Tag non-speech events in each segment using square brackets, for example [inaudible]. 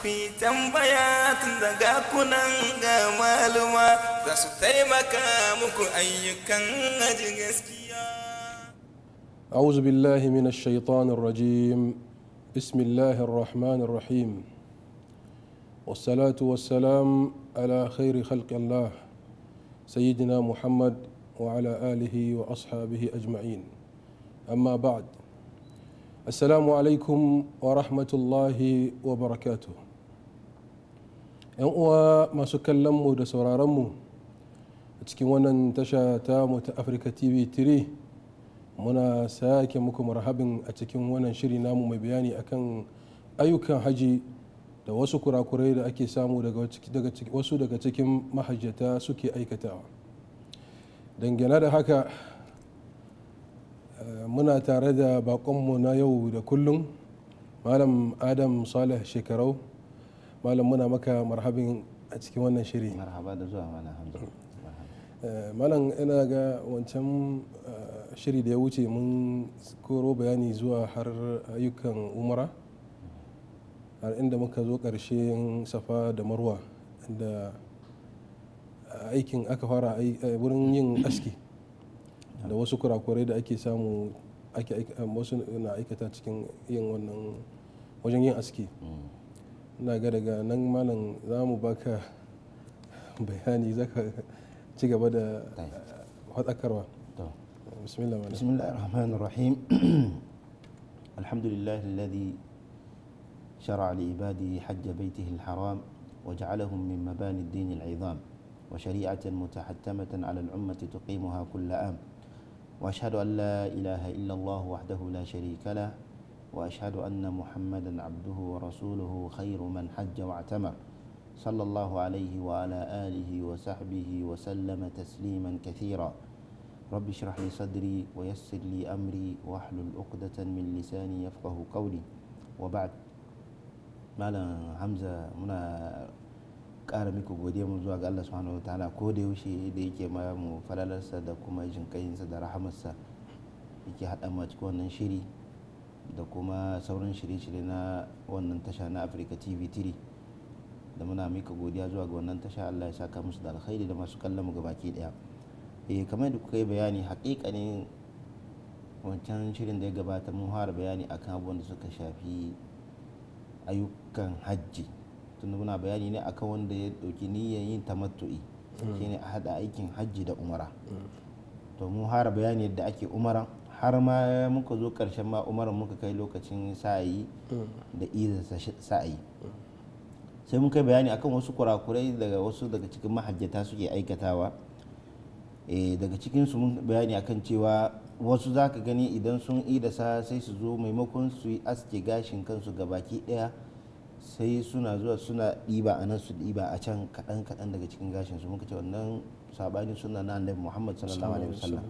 Kuyi tambaya tun daga kunan ga maluma za su taimaka muku ayyukan aji gaskiya. أعوذ بالله من الشيطان الرجيم بسم الله الرحمن الرحيم والصلاة والسلام على خير خلق الله سيدنا محمد وعلى آله وأصحابه أجمعين أما بعد السلام عليكم ورحمة الله وبركاته 'yan uwa masu kallon mu da sauraron mu a cikin wannan tasha ta mu afirka tv 3 muna sake muku marhabin a cikin wannan shiri namu mai bayani akan ayyukan haji da wasu kurakurai da ake samu wasu daga cikin mahajjata suke aikatawa dangane da haka eh, muna tare da bakonmu na yau da kullum malam adam salih shekarau malam muna maka marhabin a cikin wannan shiri marhaba da zuwa mana hannu. Eh, malam ina ga wancan eh, shiri da ya wuce mun koro bayani zuwa har ayyukan umara har inda muka zo ƙarshen safa da marwa inda eh, aikin aka fara wurin yin aski da wasu kurakurai da ake samu wasu na aikata cikin yin wannan wajen yin aski mm. na ga daga nan malam za mu baka bayani za ka ci gaba da hadakarwa bismillah rahman rahim [clears throat] alhamdulillah alladhi شرع لعباده حج بيته الحرام وجعلهم من مباني الدين العظام وشريعة متحتمة على الأمة تقيمها كل عام وأشهد أن لا إله إلا الله وحده لا شريك له وأشهد أن محمدا عبده ورسوله خير من حج واعتمر صلى الله عليه وعلى آله وصحبه وسلم تسليما كثيرا رب اشرح لي صدري ويسر لي أمري واحلل عقدة من لساني يفقه قولي وبعد مالا حمزة منا ƙara muku godiya mu zuwa ga Allah subhanahu wa ta'ala ko da yaushe da yake ma mu falalarsa da kuma jin kayinsa da rahamarsa yake haɗa mu cikin wannan shiri da kuma sauran shirye-shirye na wannan tasha na afirka tv 3 da muna mika godiya zuwa ga wannan tasha allah ya saka musu da alkhairi da masu kallon mu gabaki daya eh kamar da kuka yi bayani hakikanin wancan shirin da ya gabata mun fara bayani akan abubuwan da suka shafi ayyukan hajji tunda muna bayani ne akan wanda ya dauki niyyar yin tamattu'i mm. shine a hada aikin hajji da umara mm. to mun fara bayani yadda ake umara har ma muka zo karshen ma umaran muka kai lokacin sa'ayi da izin sa'ayi sai muka bayani akan wasu kurakurai daga wasu daga cikin mahajjata suke aikatawa eh, daga cikin su mun bayani akan cewa wasu za ka gani idan sun idasa sai su zo maimakon su yi aske gashin kansu ga baki daya sai suna zuwa suna ɗiba a nan su ɗiba a can kaɗan kaɗan daga cikin gashin su muka ce wannan sabani suna na annabi muhammad sallallahu alaihi wasallam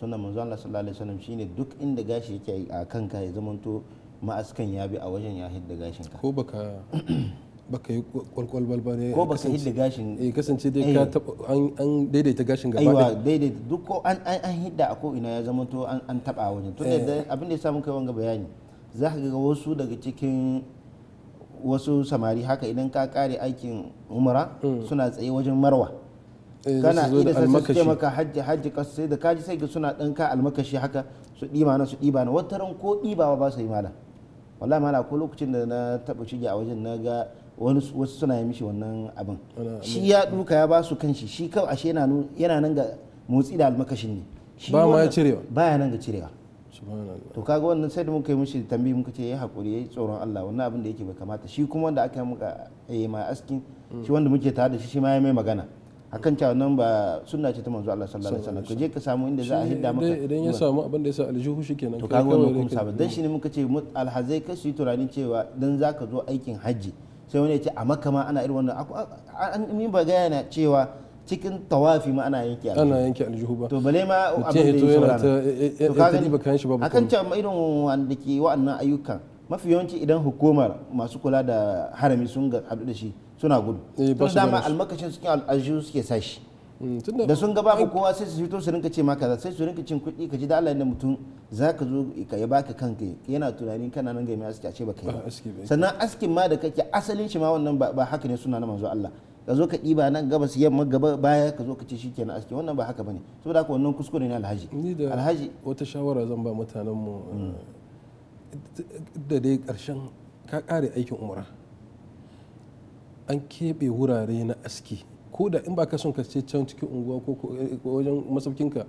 sunan manzo Allah sallallahu alaihi wasallam shine duk inda gashi yake a kanka ya zamanto ma'askan ya bi a wajen ya hidda gashin ka ko baka baka yi kwalkwal balba ne ko baka hidda gashin eh kasance dai ka eh. taba an daidaita gashin gaba aiwa daidaita duk ko an an hidda a ko ina ya zamanto an an taba wajen to eh. da abin da ya samu kai wanga bayani za ka ga wasu daga cikin wasu samari haka idan ka kare aikin umara hmm. suna tsaye wajen marwa Eh, kana ida sai suke maka hajji hajji kasu sai da kaji sai suna ɗanka almakashi haka su ɗiba na su ɗiba na wata ran ko ɗibawa ba su yi mala wallahi mala ko lokacin da na taɓa shige a wajen na ga wani wasu suna yi mishi wannan abin shi ya duka ya ba su kanshi shi kawai ashe yana nan ga motsi da almakashin ne ba ma ya cirewa ba ya nan ga cirewa to kaga wannan sai da muka yi mishi tambayi muka ce ya hakuri yayi tsoron Allah wannan abin da yake bai kamata shi kuma wanda aka yi muka eh ma askin mm. shi wanda muke tare da shi shi ma ya mai magana akan cewa nan ba sunna ce ta manzo Allah sallallahu alaihi wasallam ka je ka samu inda za a hidda maka idan ya samu abin da ya sa aljihu shikenan to kaga wannan kuma sabon dan shi ne muka ce alhazai ka shi yi tunanin cewa dan zaka zo aikin hajji sai wani ya ce a maka ma ana irin wannan an yi ba ga yana cewa cikin tawafi ma ana yanke aljihu ana yanke aljihu ba to bale ma abin da ya saura to kaga ni ba kan shi ba akan cewa irin wanda ke wa'annan ayyukan mafi yawanci idan hukumar masu kula da harami sun ga hadu da shi suna gudu eh, tun dama almakashin suke aljihu suke sashi mm, da sun gaba ba kowa sai su fito su rinka ce maka sai su rinka cin kuɗi ka ji da Allah ne mutum za ka zo ya baka kanka yana tunani kana nan gami aski a ce baka yi ba sannan askin ma da kake asalin shi ma wannan ba haka ne suna na manzo Allah ka zo ka ɗiba nan gabas yamma gaba baya ka zo ka ce shikenan aski wannan ba haka bane saboda haka wannan kuskure ne alhaji alhaji wata shawara zan ba mutanen mu mm. eh, da dai karshen ka kare aikin umara an keɓe wurare na aski ko da in ba ka son ka ce can cikin unguwa eh, ko wajen masaukinka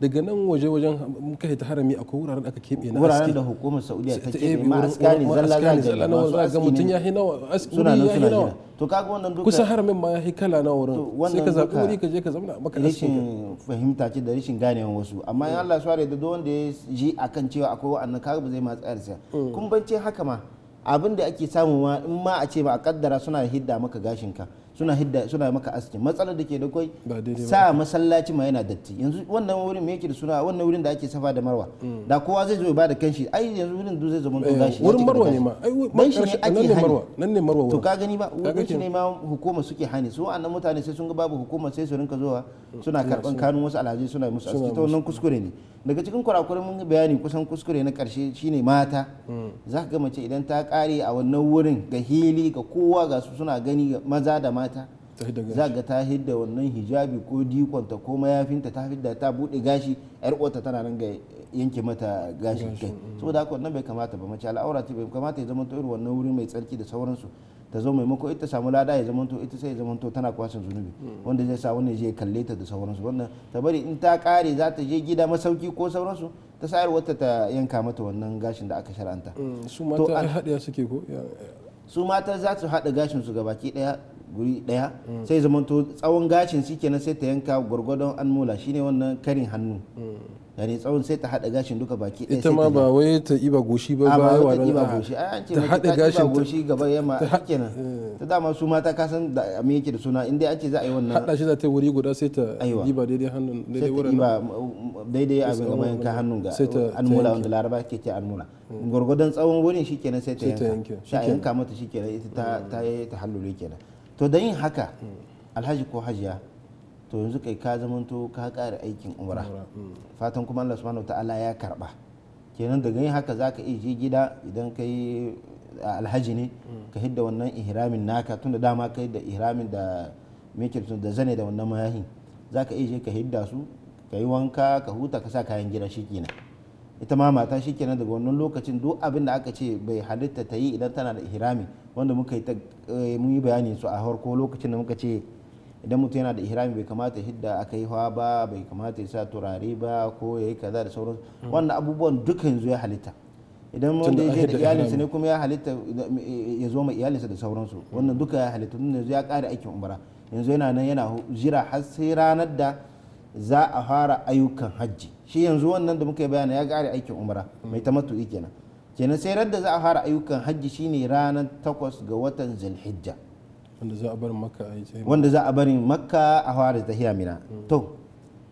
daga nan waje wajen muka ta harami akwai wuraren da aka keɓe na aski wuraren da hukumar saudiya ta keɓe ma askani zalla zalla na wanzu ga mutum ya hina aski suna nan suna jira to kaga wannan duka kusa haramin ma ya hi kala na wurin sai ka zaɓi wuri ka je ka zauna maka rashin fahimta ce da rashin ganewan wasu amma in mm. Allah ya sware da duk wanda ya ji akan cewa akwai wa'annan kaga ba zai ma tsayar sai mm. kun bance haka ma abin da ake samu ma in ma a ce ba a kaddara suna hidda maka gashinka suna hidda suna maka aski matsalar da ke da kwai sa masallaci ma yana datti yanzu wannan wurin me yake da suna wannan wurin da ake safa da marwa mm. da kowa zai zo ya bada kanshi ai yanzu wurin du zai zama to eh, gashi wurin marwa ne ma ai man shi ake hani nan ne marwa to ka gani ba wurin ne ma hukuma suke hani su annan mutane sai sun ga babu hukuma sai su rinka zuwa suna karban kanun wasu alhaji suna musu aski ta wannan kuskure ne daga cikin kurakuren mun bayani kusan kuskure na karshe shine mata hmm. za ka ga mace idan ta kare a wannan wurin ga hili ga kowa ga su suna gani maza da mata za ga ta hidda wannan hijabi ko dikonta ko mayafinta ta hidda ta bude gashi yar uwarta tana nan ga yanke mata gashi kai hmm. saboda haka wannan bai kamata ba mace al'aura ce bai kamata ya zama ta irin wannan wuri mai tsarki da sauransu ta zo maimako ita samu lada ya zamanto ita sai ya to tana kwasan zunubi wanda zai sa wani je kalle ta da sauransu wannan ta bari in ta kare za ta je gida masauki ko sauransu ta sayar wata ta yanka mata wannan gashin da aka shar'anta mm, su mata haɗiya suke ko su mata za su haɗa gashin su gabaki ɗaya guri daya sai to tsawon gashin shi kenan sai ta yanka gwargwadon an mula shine wannan karin hannu yani tsawon sai ta hada gashin duka baki ɗaya ita ma ba wai ta iba goshi ba ba wa ta iba goshi ai an ta hada gashin goshi gaba yamma kenan eh. ta dama su mata ka san da me yake da suna in dai an za a yi wannan hada shi za ta wuri guda sai ta iba daidai hannun daidai wurin sai ta iba daidai abin gama yanka hannun ga an mula wanda laraba ke ce an mula hmm. gwargwadon tsawon wurin shikenan sai ta yanka sai ta yanka mata shikenan ita ta ta halulu kenan to da yin haka alhaji ko hajiya to yanzu kai ka zamanto ka kare aikin umra mm. fatan kuma Allah subhanahu ta'ala ya karba kenan daga yin haka zaka iya je gida idan kai alhaji ne mm. ka hidda wannan ihramin naka tunda dama kai da ihramin da meke da zane da wannan mayahin zaka iya je ka hidda su ka yi wanka ka huta ka sa kayan gida shikenan ita ma mata shikenan daga wannan lokacin duk abin da aka ce bai halitta ta yi idan tana da ihrami wanda muka yi eh, mun yi bayani su a harko lokacin da muka ce idan mutum yana da ihrami bai kamata hidda aka yi hawa ba bai kamata ya sa turare ba ko ya yi kaza da sauransu hmm. wannan abubuwan duka yanzu ya halitta idan wanda ya je da iyalinsa ne kuma ya halitta ya zo ma iyalinsa da sauransu hmm. wannan duka ya halitta tun yanzu ya kare aikin umara yanzu yana nan yana jira har sai ranar da za a fara ayyukan hajji shi yanzu wannan da muka yi bayani ya kare aikin umara hmm. mai tamattu kenan kenan da za a fara ayyukan hajji shine ranar takwas ga watan zulhijja wanda za a bari makka a fara tahiya mina mm. to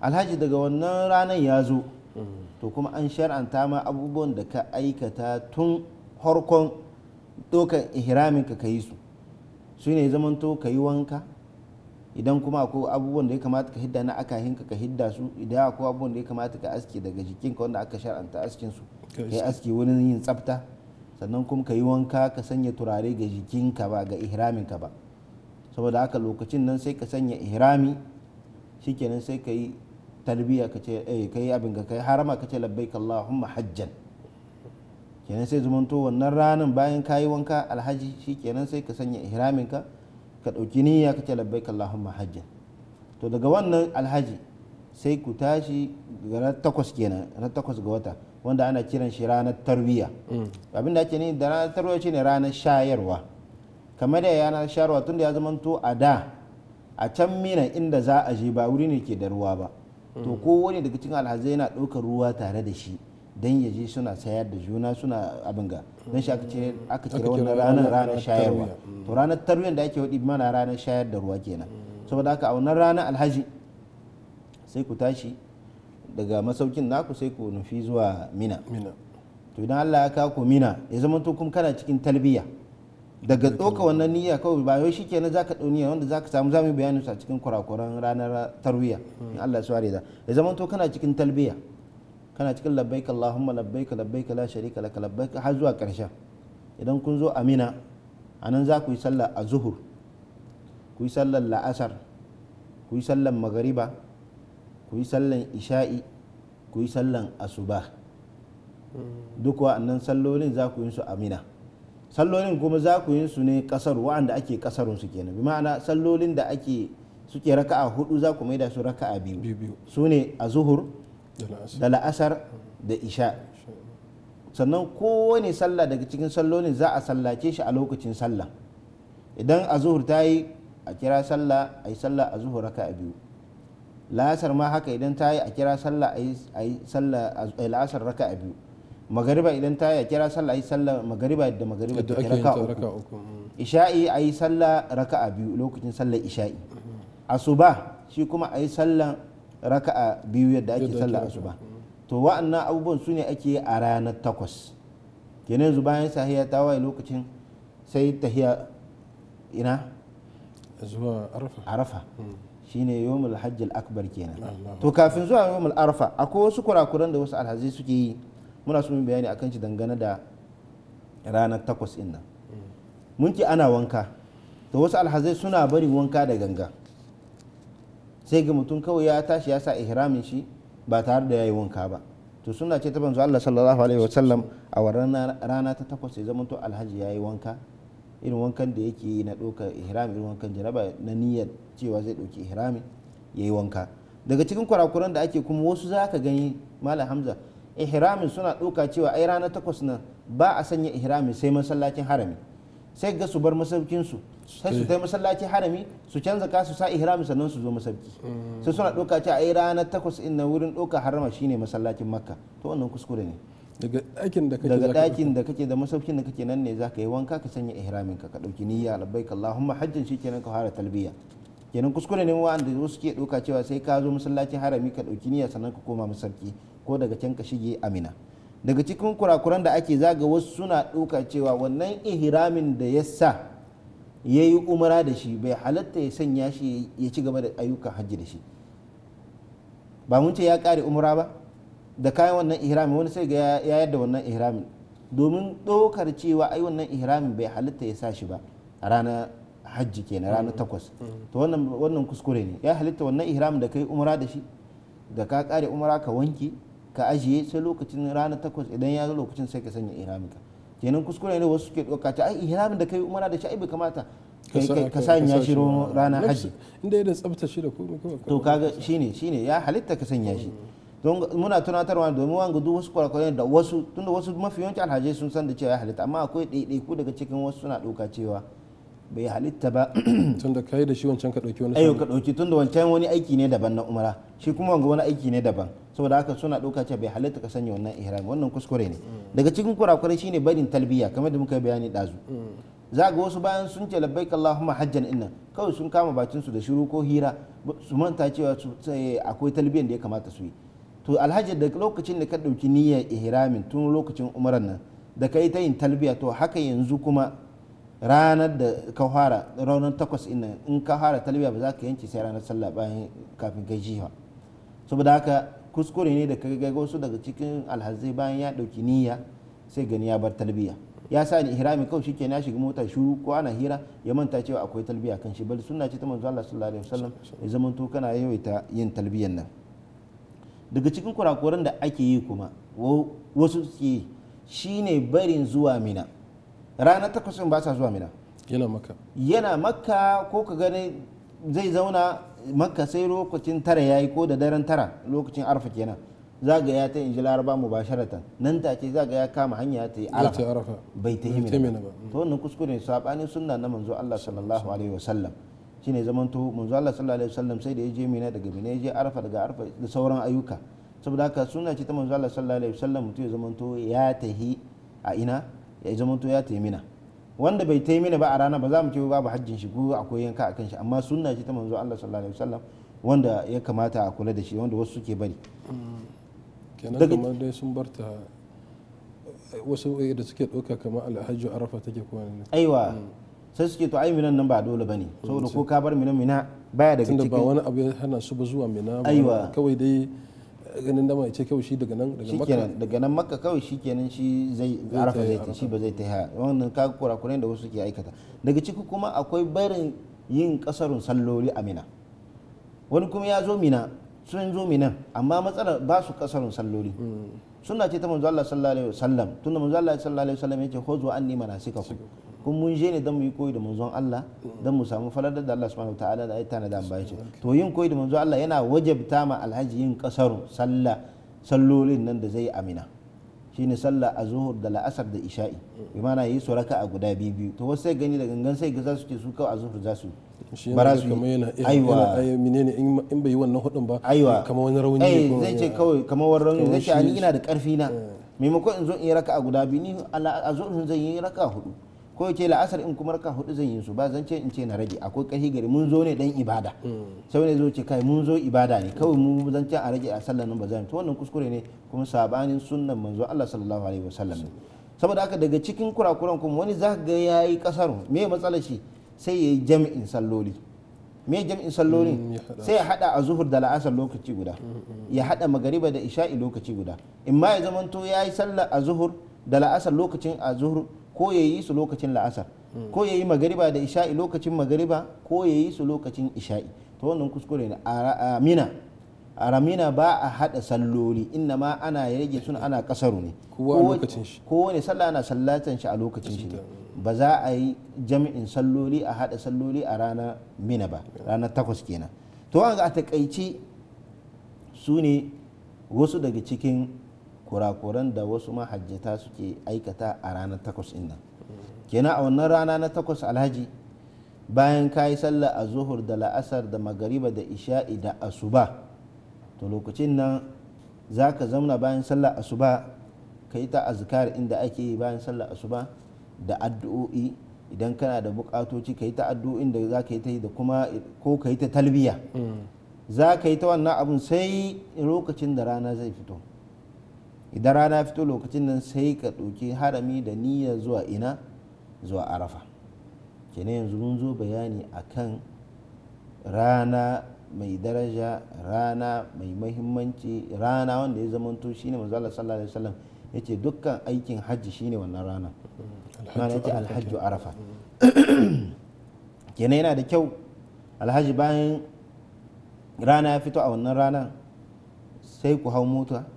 alhaji daga wannan ranar ya zo mm. to kuma an shar'anta ma abubuwan da ka aikata tun harkon dokan ihramin ka yi su su ne zamanto ka yi wanka idan kuma akwai abubuwan da ya kamata ka hidda na aka hinka ka hidda su idan akwai abubuwan da ya kamata ka aske daga jikinka wanda aka shar'anta askin su kai aske wurin yin tsafta sannan kuma ka yi wanka ka sanya turare ga jikinka ba ga ka ba saboda haka lokacin nan sai ka sanya ihrami shikenan sai ka yi tarbiya ka ce eh kai abin ga kai harama ka ce labbaik allahumma hajjan kenan sai zumanto wannan ranan bayan ka yi wanka alhaji shikenan sai ka sanya ihramin ka ka ɗauki niyya ka ce labbai Allahumma hajjan to daga wannan alhaji sai ku tashi ranar takwas kenan ranar takwas ga wata wanda ana kiran shi ranar tarbiya mm. abin da ake ni da ranar shi shine ranar shayarwa kamar da yana shayarwa tun da ya zamanto a da a can mina inda za a je ba wuri ne ke da ruwa ba mm. to ko wani daga cikin alhazai yana ɗaukar ruwa tare da shi don ya je suna sayar da juna suna abin ga don shi aka kira wannan ranar ranar shayarwa mm. to ranar tarwiyar da ake waɗi mana ranar shayar da ruwa kenan mm. saboda haka a wannan ranar alhaji sai ku tashi daga masaukin naku sai ku nufi zuwa mina to idan allah ya kawo ku mina ya zama to kuma kana cikin talbiya daga tsoka wannan niyya kawai ba yau shikenan zaka dau niyya wanda zaka samu zamu bayani sa cikin kurakuran ranar tarwiya mm. in Allah ya sware da ya zama to kana cikin talbiya kana cikin labbaika Allahumma labbaika labbaika la sharika laka labbaika har zuwa ƙarshen idan kun zo Amina anan za ku yi sallar a zuhur ku yi sallar la'asar ku yi sallar magariba ku yi sallar isha'i ku yi sallar asuba duk wa'annan sallolin za ku yi su Amina sallolin kuma za ku yi su ne kasar wa'anda ake kasarun su kenan bi ma'ana sallolin da ake suke raka'a hudu za ku da su raka'a biyu su ne a zuhur da la'asar da isha sannan kowane sallah daga cikin sallolin za a sallace shi a lokacin sallah idan a zuhur ta yi a kira sallah a yi sallah a zuhur raka a biyu la'asar ma haka idan ta yi a kira sallah a yi sallah a la'asar raka a biyu magariba idan ta yi a kira sallah a yi sallah magariba da magariba da raka uku mm. isha'i a yi sallah raka a biyu lokacin sallah isha'i asuba shi kuma a yi sallah raka'a biyu yadda ake sallar asuba to wa'annan abubuwan su ne ake a ranar takwas kenan yanzu bayan sahiya ta waye lokacin sai tahiya ina zuwa arafa arafa hmm. shine yawmul hajjil akbar kenan to kafin zuwa yawmul arafa akwai wasu kurakuran da wasu alhazai suke yi muna so mun bayani akan shi dangane da ranar takwas din nan hmm. mun ce ana wanka to wasu alhazai suna bari wanka da ganga sai ga mutum kawai ya tashi ya sa ihramin shi ba tare da yayi wanka ba to suna ce ta banzu Allah sallallahu alaihi sallam a wannan rana ta takwas ya zamanto alhaji yayi wanka irin wankan da yake yi na doka ihrami irin wankan jaraba na niyyar cewa zai doki ihrami yayi wanka daga cikin kurakuran da ake kuma wasu za ka gani malam hamza ihramin suna doka cewa ai rana takwas nan ba a sanya ihrami sai masallacin harami sai ga su bar masaukin su. sai su eh. kai masallaci harami su canza ka su sa ihrami sannan su zo masabki mm. sai suna ɗauka ce ai ranar takwas in na wurin ɗauka harama shine masallacin makka to wannan kuskure ne daga ɗakin da kake da masaukin da kake nan ne zaka yi wanka ka sanya ihramin ka ka ɗauki niyya labbaik allahumma hajjin kenan ka fara talbiya kenan kuskure ne wanda wasu ke ɗauka cewa sai ka zo masallacin harami ka ɗauki niyya sannan ka koma masarki ko daga can ka shige amina daga cikin kurakuran da ake zaga wasu suna ɗauka cewa wannan ihramin da ya sa ya yi umara da shi bai halatta ya sanya shi ya ci gaba da ayyukan hajji da shi ba mun ce ya kare umara ba da kayan wannan ihrami wani sai ga ya yadda wannan ihrami domin ɗaukar cewa ai wannan ihrami bai halatta ya sa shi ba a ranar hajji kenan ranar mm. takwas mm. to wannan kuskure ne ya halitta wannan ihrami da kai umara da shi da ka kare umara ka wanki ka ajiye sai lokacin ranar takwas idan ya zo lokacin sai ka sanya ihramin ka kenan kuskure ne wasu ke ɗauka ta ai ihramin da kai umara da shi ai bai kamata ka sanya shi rana haji inda da tsabta shi da komai to kaga shine shine ya halitta ka sanya shi don muna tunatarwa domin wanga duk wasu kwarakwarai da wasu tunda wasu mafi yawanci alhaji sun san da cewa ya halitta amma akwai ɗaiɗaiku daga cikin wasu suna ɗauka cewa bai halitta ba [clears throat] tunda kai da shi wancan ka dauki wani ayyuka dauki tunda wancan wani aiki ne daban na umara shi kuma wanga wani aiki ne daban saboda haka suna dauka cewa bai halitta ka sanya wannan ihrami wannan kuskure ne mm. daga cikin kurakurai shine barin talbiya kamar da muka bayani dazu mm. za ga wasu bayan sun ce labbaik Allahumma hajjan inna kawai sun kama bakin su da shiru ko hira su manta cewa eh, akwai talbiyan da ya kamata su yi to alhaji da lokacin da ka dauki niyyar ihramin tun lokacin umaran nan da ka ta yin talbiya to haka yanzu kuma ranar da ka fara raunin takwas ina in ka fara talbiya ba za ka yanke sai ranar sallah bayan kafin kai jiha saboda haka kuskure ne da kai ga wasu daga cikin alhazai bayan ya dauki niyya sai gani ya bar talbiya ya sa ni ihrami kawai shike na shiga mota shu ko ana hira ya manta cewa akwai talbiya kan shi bal sunna ce ta manzo Allah sallallahu alaihi wasallam ya zaman to kana yawaita yin talbiyan nan daga cikin kurakuran da ake yi kuma wasu ke shine barin zuwa mina ranar takwas ba sa zuwa mina yana makka yana makka ko ka gani zai zauna makka sai lokacin tara ya yi ko da daren tara lokacin arfa kenan ya ta inji laraba mu ba sharatan nan ta ce ya kama hanya ta yi arafa bai ta mina ba to wannan kuskure sabanin sunna na manzo Allah sallallahu alaihi wasallam shine zaman to manzo Allah sallallahu alaihi wasallam sai da ya je mina daga mina ya je arafa daga arafa da sauran ayyuka saboda haka sunna ce ta manzo Allah sallallahu alaihi wasallam mutum ya zaman to ya tahi a ina ya zama to ya taimina wanda bai taimina ba a rana ba za mu ce babu hajjin shi a akwai ka akan shi amma sunna ce ta manzo Allah sallallahu alaihi wasallam wanda ya kamata a kula da shi wanda wasu suke bari kenan kamar dai sun barta wasu da suke ɗauka kamar alhaji arafa take kuma ne aiwa mm. sai suke to ai minan nan ba dole bane saboda ko ka bar minan mina baya daga cikin ba wani abu ya hana su ba zuwa mina aiwa kawai dai ganin dama ya ce kawai shi daga nan daga nan makka kawai shi kenan shi zai arafa zai ta shi ba zai ta haya wannan ka kurakurai da wasu ke aikata daga ciki kuma akwai barin yin kasarun salloli a mina wani kuma ya zo mina sun zo mina amma matsala ba su kasarun salloli hmm. suna ce ta manzo Allah sallallahu alaihi wasallam tunda manzo Allah sallallahu alaihi wasallam yake hozo anni manasikakum kun mun je ne don mu yi koyi da manzon Allah don mu samu falar da Allah subhanahu ta'ala da aitana da ambaye to yin koyi da manzon Allah yana wajabta ma alhaji yin kasaru sallah sallolin nan da zai amina shine sallah a zuhur da la'asar da isha'i bi mana yi suraka a guda biyu biyu to wasu sai gani da gangan sai za su ce su kawai a zuhur za su bara su yi aiwa menene in bai yi wannan hudun ba aiwa kamar wani rauni ne eh, zai ce kawai kamar wani rauni ne ce ani ina da karfi na eh. maimakon in zo in yi raka a guda biyu ni a zuhur zai yi raka hudu ko ce la'asar in kuma raka hudu zan yi su ba zan ce in ce na rage akwai ƙarfi gari mun zo ne dan ibada hmm. sai ne zo ce kai mun zo ibada ne kawai mu zan ce a rage a sallar nan ba zan to wannan kuskure ne kuma sabanin sunnan manzo Allah sallallahu alaihi wasallam ne saboda haka daga cikin kurakuran kuma wani za ga yayi kasar me matsalar shi sai yayi jami'in salloli me jami'in salloli hmm, sai ya hada a zuhur da la'asar lokaci guda hmm, ya hada magariba da isha'i lokaci guda in ma ya zamanto ya yi sallar a zuhur da la'asar lokacin a zuhur ko ya yi su lokacin la'asar ko ya yi magariba da isha'i lokacin magariba ko ya yi su lokacin isha'i ta wannan kuskure ne a mina ramina ba a haɗa salloli inna ma ana ya rage suna ana kasaru ne wani sallah na sallatan shi a lokacin shi ba za a yi jami'in salloli a haɗa salloli a rana mina ba ranar takwas kenan to wani ga a takaici su ne wasu daga cikin kurakuran da wasu mahajjata suke aikata a ranar takwas inda kenan a wannan rana na takwas alhaji bayan ka yi sallah a zuhur da la'asar da magariba da isha'i da asuba to lokacin nan za ka zauna bayan sallah asuba ka yi ta azkar inda ake yi bayan sallah asuba da addu'o'i idan kana da bukatoci ka yi ta addu'o'in da za ka yi ta yi da kuma ko ka yi ta talbiya mm. za ka yi ta wannan abun sai lokacin da rana zai fito idan rana fito lokacin nan sai ka ɗauki harami da niyya zuwa ina zuwa arafa kenan yanzu mun zo bayani akan rana mai daraja rana mai mahimmanci rana wanda ya zamanto shine manzo Allah sallallahu alaihi wasallam yace dukkan aikin hajji shine wannan rana rana yace alhajju arafa kenan yana da kyau alhaji bayan rana ya fito a wannan rana sai ku hau mota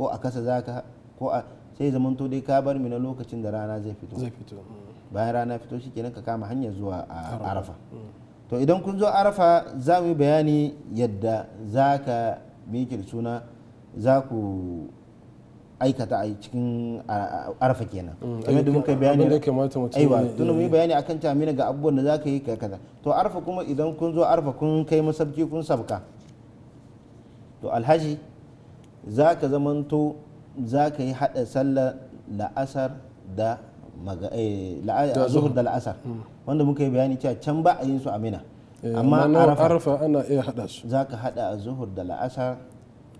ko a kasa za ka ko a sai to dai ka bar mina lokacin da rana zai fito zai fito mm. bayan rana fito shikenan ka kama hanyar zuwa a arafa mm. to idan kun zo arafa za mu yi bayani yadda za ka mikir suna za ku aikata a cikin arafa kenan mm, kamar da muka bayani da kamata mutum aiwa tunda mu yi eh. bayani akan tamina ga abubuwan da ka yi kaza to arafa kuma idan kun zo arafa kun kai masabki kun sabka to alhaji za ka zamanto za ka yi haɗa sallar la'asar da eh, zuhur da la'asar hmm. wanda muka yi bayani cewa can ba a yin su a mina eh, amma arafa ana iya haɗa su za ka haɗa a zuhur da la'asar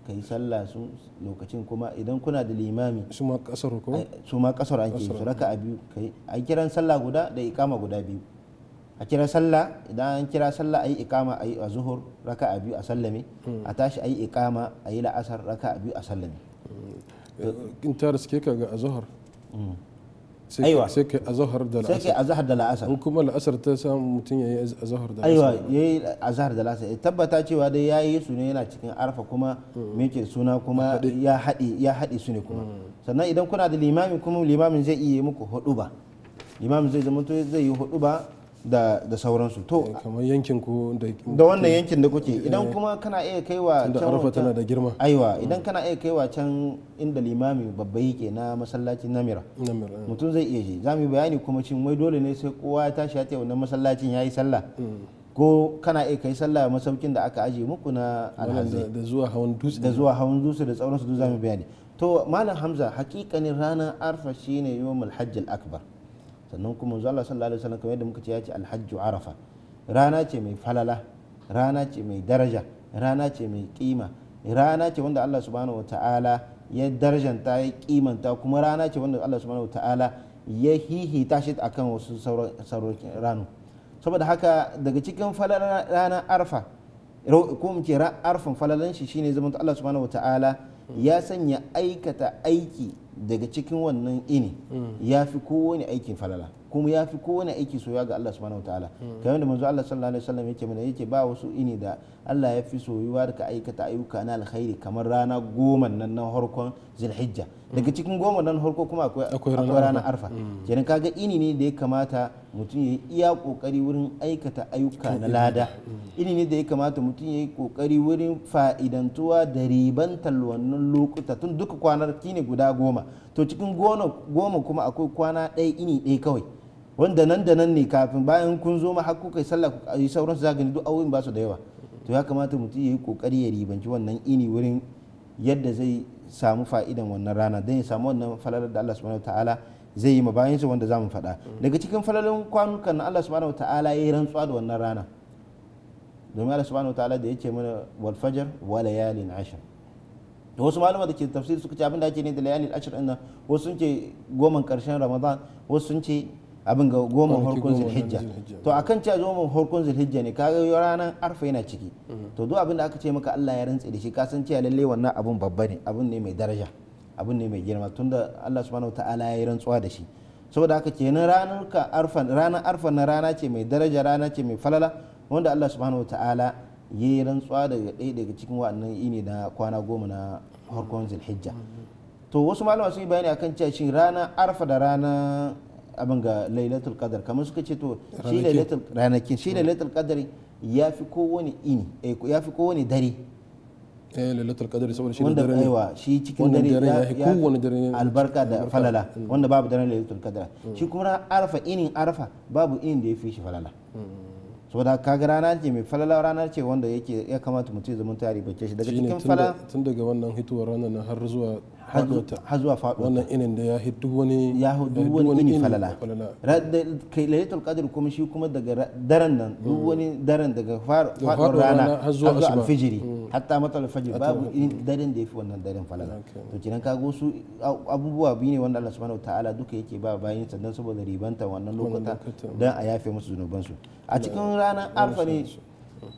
ka yi sallah su lokacin kuma idan kuna da limami su ma kasar ko su ma kasar an ke su raka a biyu a kiran sallah guda da ikama guda biyu a kira sallah idan an kira sallah ayi ikama ayi a zuhur raka a biyu a sallame hmm. a tashi ayi ikama ayi la'asar raka a biyu a sallame hmm. in ta riske ka ga azhar hmm. aiwa sai kai azhar da la'asar sai kai azhar da la'asar in kuma la'asar ta samu mutum yayi azhar da la'asar. aiwa yayi azhar da la'asar tabbata cewa dai yayi su ne yana cikin arfa kuma me suna kuma ya haɗi ya haɗi su ne kuma sannan idan kuna da limamin kuma limamin zai iya muku hudu ba limamin zai zama zai yi hudu ba da sauransu to eh, kamar yankin ku da wannan yankin da kuke idan eh, kuma kana iya kaiwa can arfa tana da girma aiwa mm. idan kana iya kaiwa can inda limami babba yake na masallaci namira eh. mutum zai iya je za mu bayani kuma cin wai dole ne sai kowa ya tashi ya tayi wannan masallacin ya yi sallah mm. ko kana iya kai sallah masaukin da aka aje muku na alhazi da zuwa hawan dutse da zuwa hawan dutse da sauransu duk za mu bayani to malam hamza hakikanin ranar arfa shine yawmul hajjil akbar sannan kuma manzo Allah sallallahu alaihi wasallam kamar yadda muka ce ya ce alhajju arafa rana ce mai falala rana ce mai daraja rana ce mai kima rana ce wanda Allah subhanahu ta'ala ya darjanta ya kimanta kuma rana ce wanda Allah subhanahu ta'ala ya hihita shi akan wasu sauran ranu saboda haka daga cikin falalar ranar arfa ko mu ce arfan falalan shi shine zaman Allah subhanahu ta'ala ya sanya aikata aiki daga cikin wannan ini hmm. ya fi kowane aikin falala kuma ya fi kowane aiki soya ga Allah subhanahu ta'ala hmm. kamar da manzo Allah sallallahu alaihi wasallam yake mana yake ba wasu ini da Allah ya fi soyuwa da ka aikata ayyuka na alkhairi kamar rana goma nan na harkon zulhijja daga cikin goma nan harko kuma akwai rana arfa mm. kenan kaga ini ne da ya kamata mutum ya iya kokari wurin aikata ayyuka na lada ini ne da ya kamata mutum ya yi kokari mm. wurin fa'idantuwa da riban talwannin lokuta tun duka kwanar ne guda goma to cikin goma kuma akwai kwana ɗaya ini ɗaya kawai wanda nan da nan ne kafin bayan kun zo ma har a yi sallah sauransu zagani duk awuyin ba su da yawa to ya kamata mutum ya yi kokari ya ribanci wannan ini wurin yadda zai samu fa'idan wannan rana don ya samu wannan falalar da Allah subhanahu ta'ala zai yi mabayinsa wanda za mu faɗa daga cikin falalin kwanukan na Allah subhanahu ta'ala ya yi rantsuwa da wannan rana domin Allah subhanahu ta'ala da ya ce mana wal fajr wa layalin ashir da wasu malama da ke tafsir suka ce abin da ake ne da layalin ashir ɗin wasu sun ce goman ƙarshen ramadan wasu sun ce abin ga goma harkun zulhijja to a kan cewa goma harkun zulhijja ne ka ga ranar arfa yana ciki mm-hmm. to duk abin da aka ce maka Allah ya rantse da shi ka san cewa lalle wannan abun babba ne abun ne mai daraja abun ne mai girma tunda Allah subhanahu ta'ala ya yi rantsuwa da shi saboda haka kenan ranar ka arfa ranar arfa na rana ce mai daraja rana ce mai falala wanda Allah subhanahu ta'ala ya yi rantsuwa daga ɗaya daga cikin wa'annan ini na kwana goma na harkun zulhijja mm-hmm. to wasu malama sun yi bayani akan cewa shin ranar arfa da ranar abin ga lailatul qadar kamar suka ce to shi lailatul ranakin shi hmm. lailatul qadar ya fi kowane ini eh, ya fi kowane dare eh lailatul qadar saboda shi dare shi cikin dare ya fi kowane dare albarka da falala hmm. wanda babu daren lailatul qadar hmm. shi kuma arfa inin arfa babu inin da ya fi shi falala saboda kaga rana ce mai falala rana ce wanda yake ya kamata mutum ya zama tari bace shi daga cikin falala tun daga wannan hitowar ranar har zuwa har zuwa faɗo wannan inin da ya duk wani ya duk wani ini falala kai lailatul qadr kuma shi kuma daga daren nan duk mm. wani daren daga faɗuwar rana har zuwa alfijiri mm. hatta matal fajr babu daren da yafi wannan daren falala to kinan kago su abubuwa bi ne wanda Allah subhanahu wataala duka yake ba bayan sannan saboda ribanta wannan lokuta dan a yafe musu zunubansu a cikin ranar arfa ne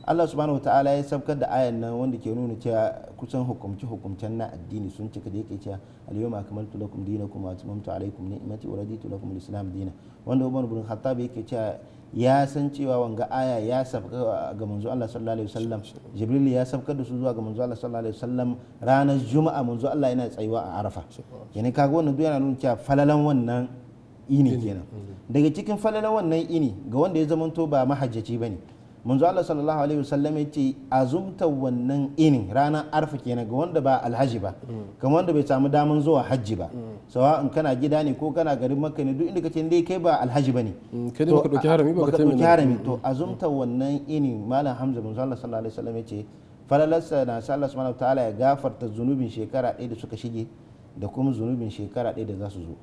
Allah subhanahu ta'ala ya sabkar da ayan nan wanda ke nuna cewa kusan hukumce hukumcen na addini sun cika da yake cewa al-yawma akmaltu lakum dinakum wa atmamtu alaykum ni'mati wa raditu lakum al-islam dina wanda Umar ibn Khattab yake cewa ya san cewa wanga aya ya sabka ga manzo Allah sallallahu alaihi wasallam Jibril ya sabkar da su zuwa ga manzo Allah sallallahu alaihi wasallam ranar Juma'a manzo Allah yana tsayuwa a Arafa yana kaga wannan duk yana nuna cewa falalan wannan ini kenan mm-hmm. daga cikin falalan wannan ini ga wanda ya zamanto ba mahajjaci bane munzo Allah sallallahu alaihi wasallam yace azumta wannan inin ranar arfa kenan ga wanda ba alhaji ba kamar wanda bai samu daman zuwa hajji ba sawa in kana gida ne ko kana garin makka ne duk inda kace dai kai ba alhaji bane mm, kai ne baka dauki harami ba ka dauki harami to mm. azumta wannan inin malam hamza munzo Allah sallallahu alaihi wasallam yace falalasa na sallallahu Allah subhanahu ta'ala ya gafarta zunubin shekara ɗaya da suka shige da kuma zunubin shekara ɗaya da za su zo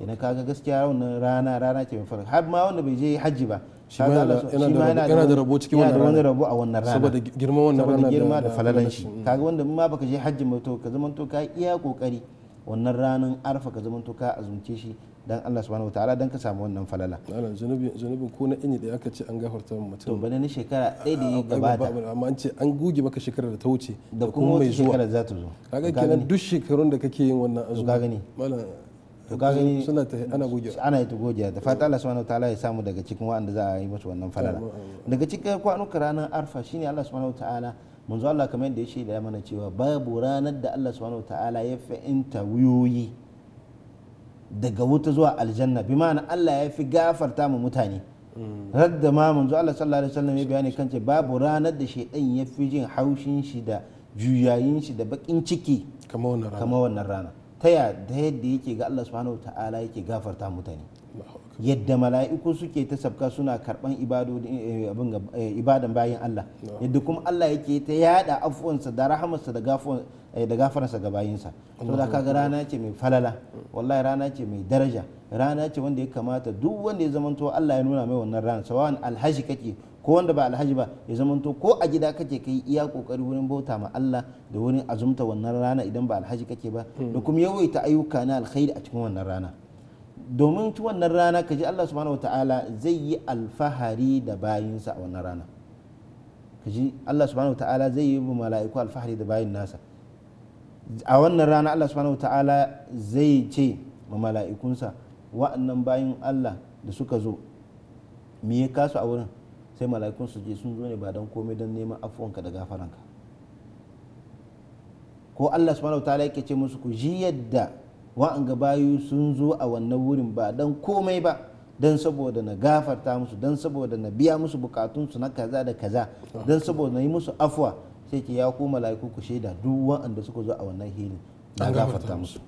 idan kaga gaskiya wannan rana rana ce mai farko har ma wanda bai je hajji ba shi ma yana da rabo cikin wannan rana rabo a wannan rana saboda girma wannan rana girma da falalan shi kaga wanda ma baka je hajji mai to ka zaman to ka iya kokari wannan ranan arfa ka zaman to ka azumce shi dan Allah subhanahu wataala dan ka samu wannan falala malam zunubin zunubin ko na inyi da aka ce an gafarta mutum to bane ni shekara ɗaya da ya gabata amma an ce an guge maka shekarar da ta wuce da kuma mai zuwa shekarar za ta zo kaga kenan duk shekarun da kake yin wannan azumi ka gani malam to ka gani suna ta ana gogewa ana yi ta da fata Allah subhanahu ta'ala ya samu daga cikin waɗanda za a yi musu wannan falala daga cikin kwanuka ranar arfa shine Allah subhanahu ta'ala manzo Allah kamar yadda ya ya mana cewa babu ranar da Allah subhanahu ta'ala ya fa'inta wuyoyi daga wuta zuwa aljanna bi ma'ana Allah ya fi gafarta mu mutane mm. radda ma manzo Allah sallallahu alaihi wasallam ya bayani kan ce babu ranar da shedan ya fi jin haushin shi da juyayin shi da bakin ciki kamar wannan rana ta yadda yake ga Allah subhanahu ta'ala yake gafarta mutane yadda mala'iku suke ta sabka suna karban eh, eh, ibadan bayan Allah yadda kuma Allah yake ta yada afuwansa da rahamarsa da eh, gafaransa ga bayinsa da kaga rana ce mai falala wallahi rana ce mai daraja rana ce wanda ya kamata duk wanda ya zamanto Allah ya nuna mai wannan rana sawan alhaji kake ko wanda ba alhaji ba ya zamanto ko a gida kake kai iya kokari wurin bauta ma Allah da wurin azumta wannan rana idan ba alhaji kake ba hmm. da kuma yawaita ayyuka na alkhairi a cikin wannan rana domin ci wannan rana kaji Allah subhanahu ta'ala zai yi alfahari da bayinsa a wannan rana kaji Allah subhanahu ta'ala zai yi mala'iku alfahari da bayin nasa a wannan rana Allah subhanahu ta'ala zai ce ma mala'ikunsa wa'annan bayin Allah da suka zo me ya kasu a wurin sai mala'ikun su je sun zo ne ba don komai don neman afuwanka da gafaranka ko Allah subhanahu ta'ala yake ce musu ku ji yadda wa'anga bayu sun zo a wannan wurin ba don komai ba don saboda na gafarta musu don saboda na biya musu bukatunsu na kaza da kaza don saboda na yi musu afuwa sai ke ya ku mala'iku ku shaida duk wa'anda suka zo a wannan hilin na gafarta musu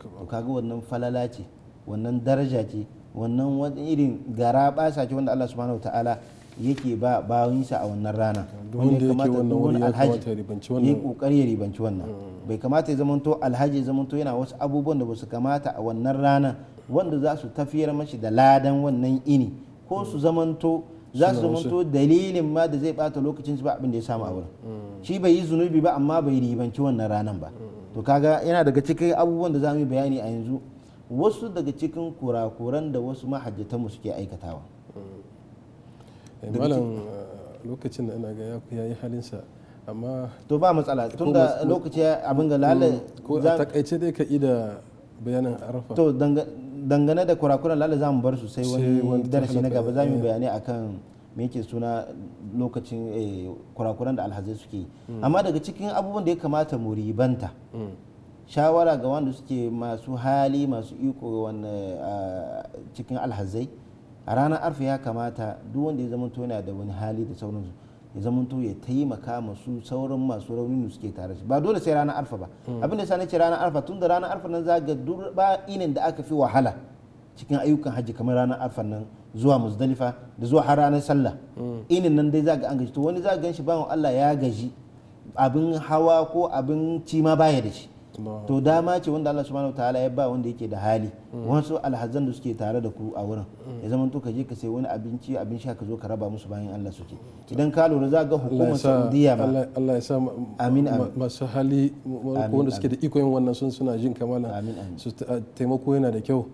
to kaga wannan falala ce wannan daraja ce wannan wani irin gara basa ce wanda Allah subhanahu ta'ala yake ba bayansa a wannan rana wanda ya kamata alhaji ya kokari ya ribanci wannan mm. bai kamata ya zamanto alhaji ya zamanto yana wasu abubuwan da ba su kamata a wannan rana wanda za su tafiyar mashi da ladan wannan ini ko mm. su zamanto za su zamanto dalilin ma da zai bata lokacin ba abin da ya samu a wurin mm. shi bai yi zunubi ba amma bai ribanci wannan ranan ba to kaga yana daga cikin abubuwan da za mu yi bayani a yanzu wasu daga cikin kurakuran da wasu mahajjatanmu suke aikatawa Eh, malam eh, lokacin da ana ga ya yi halinsa amma to ba matsala tun da lokaci abin ga lalle mm, ko a takaice dai ka da bayanin arafa to dangane da kurakuran lalle za mu bar su sai wani darasi na gaba za mu eh. bayani akan me yake suna lokacin kurakuran da alhazai suke mm. amma daga cikin abubuwan da ya kamata mu ribanta mm. shawara ga wanda suke masu hali masu iko ah, cikin alhazai a ranar arfa ya kamata duk wanda ya zamanto yana da wani hali da sauransu ya zama zamanto ya taimaka masu sauran masu rauni da suke tare ba dole sai ranar arfa ba hmm. abinda da sa nace ranar arfa tun da ranar arfa nan za ga duk ba inin da aka fi wahala cikin ayyukan hajji kamar ranar arfa nan zuwa muzdalifa da zuwa har ranar sallah hmm. inin nan dai za ga an gaji to wani za ga shi bawan Allah ya gaji abin hawa ko abin cima baya da shi to dama ce wanda Allah subhanahu ta'ala ya ba wanda yake da hali mm. wasu alhazan da suke tare da ku a wurin mm. ya zama to ka je ka sai wani abinci abin sha ka zo ka raba musu bayan Allah suke idan ka lura za ga hukumar Saudiya ma Allah ya sa amin masu hali wanda suke da iko yin wannan sun suna jin amin su taimako yana da kyau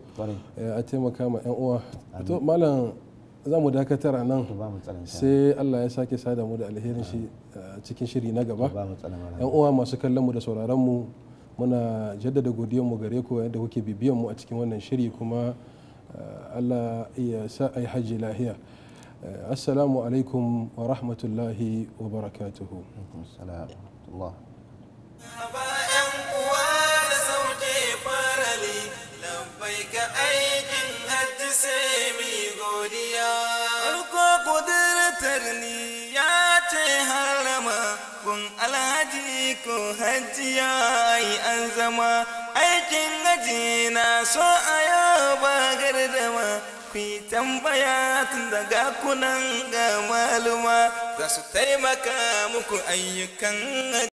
eh, a taimaka ma yan uwa to malam za mu dakatar a nan sai Allah ya sake sada mu da alherin shi eh, cikin shiri na gaba yan uwa masu kallon mu da sauraron mu muna jaddada mu gare ku yadda kuke bibiyan mu a cikin wannan shiri kuma eh, allah ya sa ai hajji lahiya eh, assalamu alaikum wa rahmatullahi wa barakatuhu ko hajiya ai an zama aikin haji na so a yau ba gardama ku yi tambaya tun daga kunan ga maluma za su taimaka muku ayyukan